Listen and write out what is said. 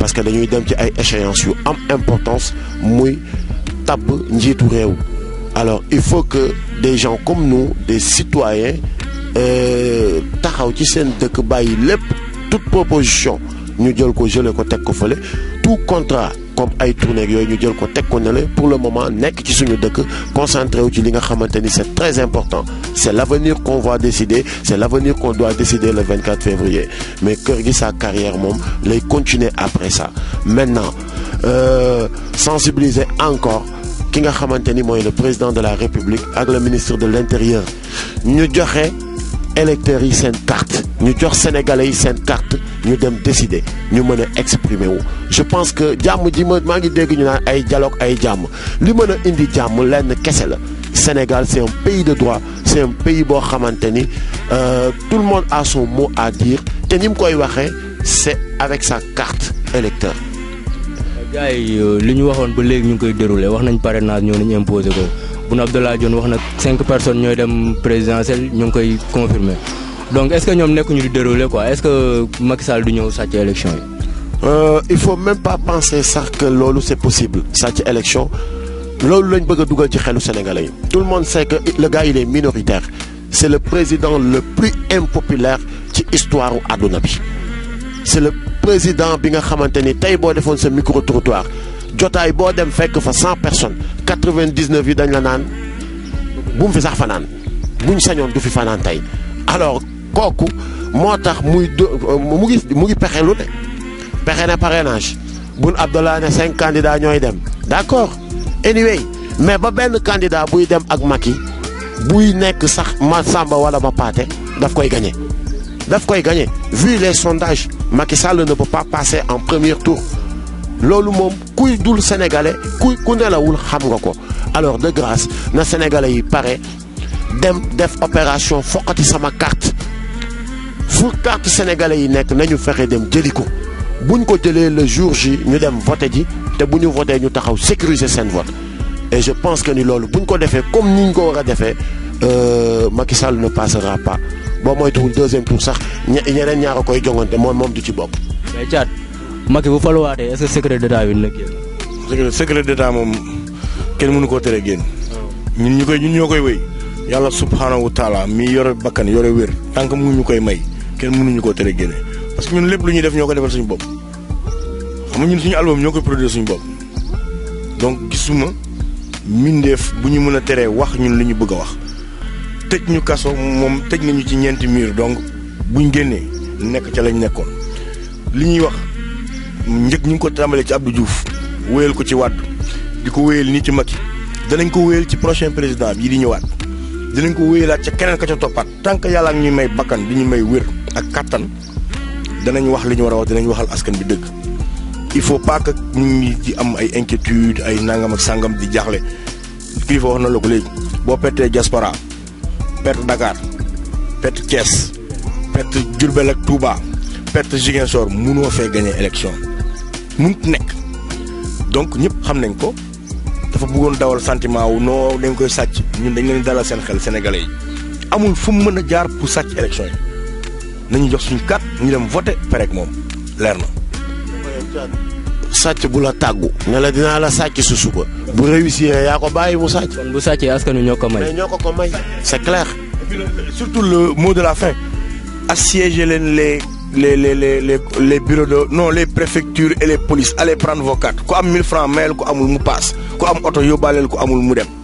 parce que dañuy dem ci ay échéances yu am importance muy tabb njiitu réew alors il faut que des gens comme nous des citoyens euh, taxaw ci seen dëkk bàyyi lépp toute proposition ñu jël ko jëlee ko teg ko fële tout contrat comme ay tournée yoy ñu jël ko contact ko pour le moment nek ci suñu deuk concentré wu ci li nga c'est très important c'est l'avenir qu'on va décider c'est l'avenir qu'on doit décider le 24 février mais que gi sa carrière mom lay continuer après ça maintenant euh, sensibiliser encore ki nga xamanteni le président de la république ak le ministre de l'intérieur ñu joxé électeurs yi sen carte ñu sénégalais yi carte ñu dem décider ñu mën exprimer wu je pense que jàmm ji ma maa ngi dégg ñu naan ay dialogue ay jàmm li indi jàmm lenn kese Sénégal c'est un pays de droit c'est un pays boo xamante ni euh, tout le monde a son mot à dire te ni mu koy waxee c'est avec sa carte électeur gars yi euh, li ñu waxoon ba nous ñu ngi koy déroulé wax nañ parrainage ñoo nañu imposé ko Boun Abdallah Dionne wax cinq personnes ñooy dem présidentielle ñu ngi confirmer donc est-ce que nous nekkuñu di dérouler quoi est-ce que Macky Sall du à cette élection Euh, il faut même pas penser ça que c'est possible cette élection lañ sénégalais tout le monde sait que le gars il est minoritaire c'est le président le plus impopulaire de l'histoire de c'est le président qui a fait ni micro trottoir Il a dem 100 personnes 99 vingt dix neuf yi dañ la fait bu mu fi sax alors kooku moo tax muy d euh, mu ngi mu ngi pexe lu ne pexe na parrainage Abdallah cinq candidats ñooy dem d'accord anyway mais ba benn candidat buy dem ak Macky buy nekk sax ma Samba wala ma Paate daf koy gagné daf koy gagné vu les sondages Macky Sall ne peut pas passer en premier tour loolu moom kuy dul sénégalais kuy ku le xam nga ko alors de grâce na sénégalais yi pare dem def opération foqati sama carte fu carte sénégalais yi nekk nañu fexé dem jëli buñ ko jëlee le jour J ñu dem voter ji té buñu voter ñu taxaw sécuriser sen vote et je pense que ni lolu buñ ko défé comme niñ ko wara défé euh Macky Sall ne passera pas boo moytuwul deuxième tour sax ñeneen ñaar a koy jongonté mom mom du ci bokk. mais Thiat Macky bu faluwaatee est-ce que secret d'état bi la génn. secret d'état mom kenn mënu ko téré génn. ñun ñu ñun ñoo wëy yalla subhanahu wa taala mi yoré bakkan yoré wër tank mu ñu may. kenn mënuñ ko téré gëné parce que ñun lépp lu ñuy def ñoko défal suñu bop xam nga ñun suñu album ñoko produire suñu bop donc gisuma mindeef bu ñu mën a wax ñun li ñu bëgg wax tej ñu kasso mom tej nañu ci ñent mur donc buñ gëné nek ci lañ nekkon li ñuy wax ñëk ñu ko tambalé ci Abdou Diouf wëyel ko ci wad diko wëyel ni ci Macky danañ ko wëyel ci prochain président bi di ñëwaat dinañ ko wëyelat ci keneen ka ca toppaat tant que yàlla ak ñuy may bakkan di ñu may wér ak kattan danañ wax li ñu war a wax dinañ waxal askan bi dëgg il faut pas que nit ñi am ay inquiétude ay nangam sàngam sangam di jaaxle kilifa wax na la ko léegi boo pertee diaspora perte Dakar perte Thiès perte Diourbel ak Touba perte Ziguinchor munoo fee gagné élection munut nekk donc ñëpp xam nañ ko dafa bëggoon dawal santiment wu noo dañ koy sàcc ñun dañ leen dalal seen xel sénégalais yi amul fu mu mën a jaar pour sàcc élection nañu jox suñu carte ñu dem voté pareeg moom leer na. sàcc bu la tàggu. ne la dinaa la sàcc su suba. bu réussir yaa ko bàyyi mu sàcc. kon bu sàccee askan wi ñoo ko may. mais ñoo ko ko may c'est clair. surtout le mot de la fin. assiéger leen les les les les les bureaux de non les préfectures et les polices allez prendre vos cartes ku am 1000 francs mayel ku amul mu paas ku am oto yóbbaaleel ku amul mu dem.